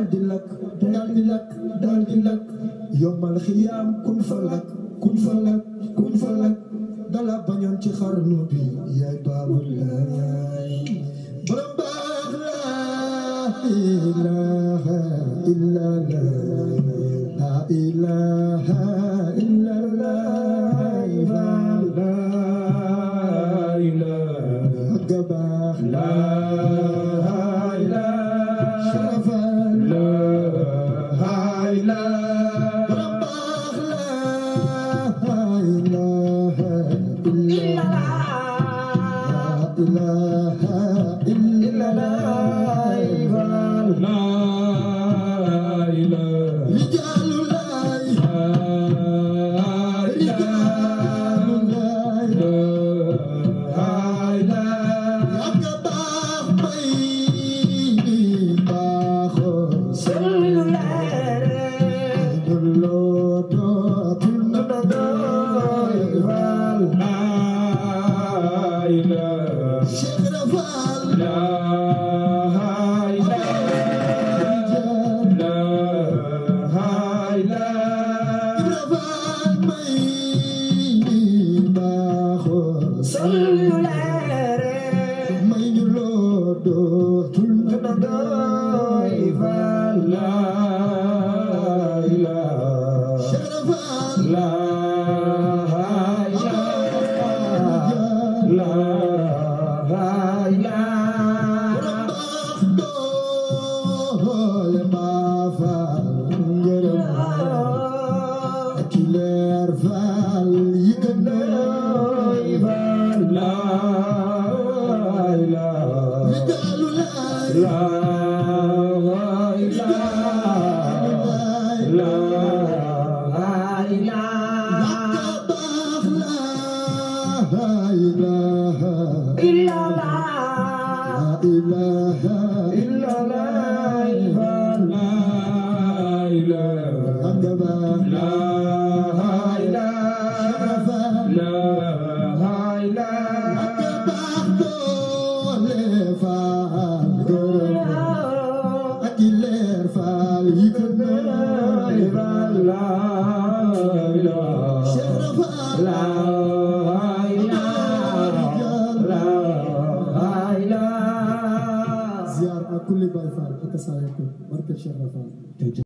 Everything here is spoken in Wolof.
daal di lakk daal di lakk daal di lakk yombal xiyaam kun fa lakk kun fa lakk kun fa lakk dala bañoon ci xarnu bi yaay baabul laay borom baax laa ilaha illa la ilaha illa la la ilaha illa la li Killer Val la كل باي فار حتى صار يكون مركز شرفان